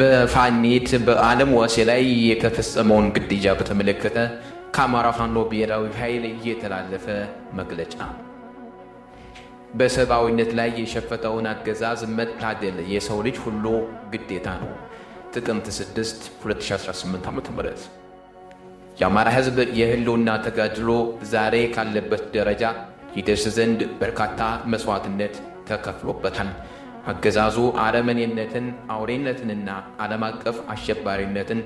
በፋኔት በአለም ዋሴ ላይ የተፈጸመውን ግድያ በተመለከተ ከአማራ ፋኖ ብሔራዊ ኃይል እየተላለፈ መግለጫ። በሰብአዊነት ላይ የሸፈተውን አገዛዝ መታደል የሰው ልጅ ሁሉ ግዴታ ነው። ጥቅምት 6 2018 ዓ.ም የአማራ ህዝብ የህልውና ተጋድሎ ዛሬ ካለበት ደረጃ ይደርስ ዘንድ በርካታ መስዋዕትነት ተከፍሎበታል። አገዛዙ አረመኔነትን፣ አውሬነትንና ዓለም አቀፍ አሸባሪነትን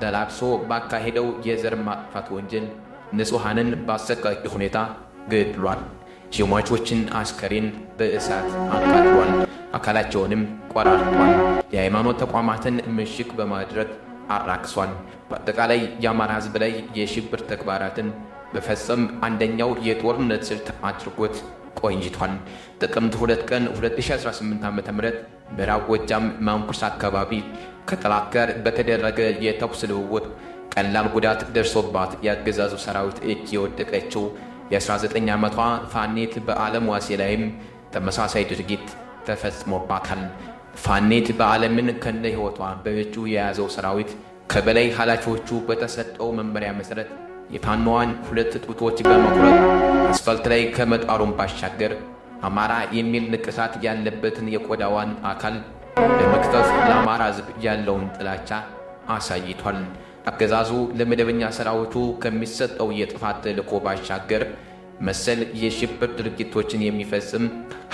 ተላብሶ ባካሄደው የዘር ማጥፋት ወንጀል ንጹሐንን በአሰቃቂ ሁኔታ ገድሏል። የሟቾችን አስከሬን በእሳት አቃጥሏል። አካላቸውንም ቆራርጧል። የሃይማኖት ተቋማትን ምሽግ በማድረግ አራክሷል። በአጠቃላይ የአማራ ሕዝብ ላይ የሽብር ተግባራትን በፈጸም አንደኛው የጦርነት ስልት አድርጎት ቆንጅቷል። ጥቅምት 2 ቀን 2018 ዓ ም ምዕራብ ጎጃም ማንኩርስ አካባቢ ከጠላት ጋር በተደረገ የተኩስ ልውውጥ ቀላል ጉዳት ደርሶባት የአገዛዙ ሰራዊት እጅ የወደቀችው የ19 ዓመቷ ፋኔት በዓለም ዋሴ ላይም ተመሳሳይ ድርጊት ተፈጽሞባታል። ፋኔት በዓለምን ከነ ሕይወቷ በእጁ የያዘው ሰራዊት ከበላይ ኃላፊዎቹ በተሰጠው መመሪያ መሠረት የፋኖዋን ሁለት ጡቶች በመቁረጥ አስፋልት ላይ ከመጣሩን ባሻገር አማራ የሚል ንቅሳት ያለበትን የቆዳዋን አካል በመክተፍ ለአማራ ሕዝብ ያለውን ጥላቻ አሳይቷል። አገዛዙ ለመደበኛ ሰራዊቱ ከሚሰጠው የጥፋት ተልዕኮ ባሻገር መሰል የሽብር ድርጊቶችን የሚፈጽም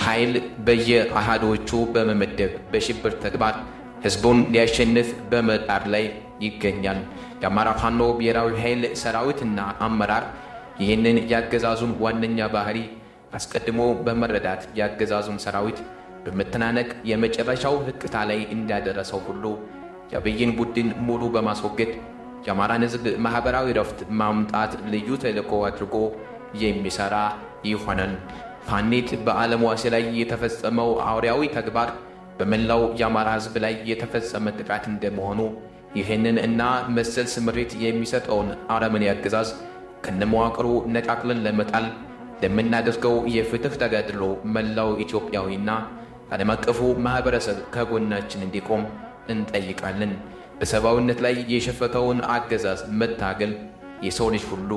ኃይል በየአሃዶቹ በመመደብ በሽብር ተግባር ሕዝቡን ሊያሸንፍ በመጣር ላይ ይገኛል። የአማራ ፋኖ ብሔራዊ ኃይል ሰራዊትና አመራር ይህንን የአገዛዙን ዋነኛ ባህሪ አስቀድሞ በመረዳት የአገዛዙን ሰራዊት በመተናነቅ የመጨረሻው ህቅታ ላይ እንዳደረሰው ሁሉ የአብይን ቡድን ሙሉ በማስወገድ የአማራን ህዝብ ማኅበራዊ ረፍት ማምጣት ልዩ ተልዕኮ አድርጎ የሚሠራ ይሆናል። ፋኒት በዓለም ዋሴ ላይ የተፈጸመው አውሪያዊ ተግባር በመላው የአማራ ህዝብ ላይ የተፈጸመ ጥቃት እንደመሆኑ ይህንን እና መሰል ስምሪት የሚሰጠውን አረመኔ አገዛዝ ከነመዋቅሩ ነቃቅለን ለመጣል ለምናደርገው የፍትህ ተጋድሎ መላው ኢትዮጵያዊና ዓለም አቀፉ ማኅበረሰብ ከጎናችን እንዲቆም እንጠይቃለን። በሰብአዊነት ላይ የሸፈተውን አገዛዝ መታገል የሰው ልጅ ሁሉ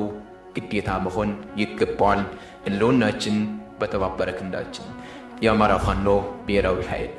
ግዴታ መሆን ይገባዋል። ህልውናችን በተባበረ ክንዳችን። የአማራ ፋኖ ብሔራዊ ኃይል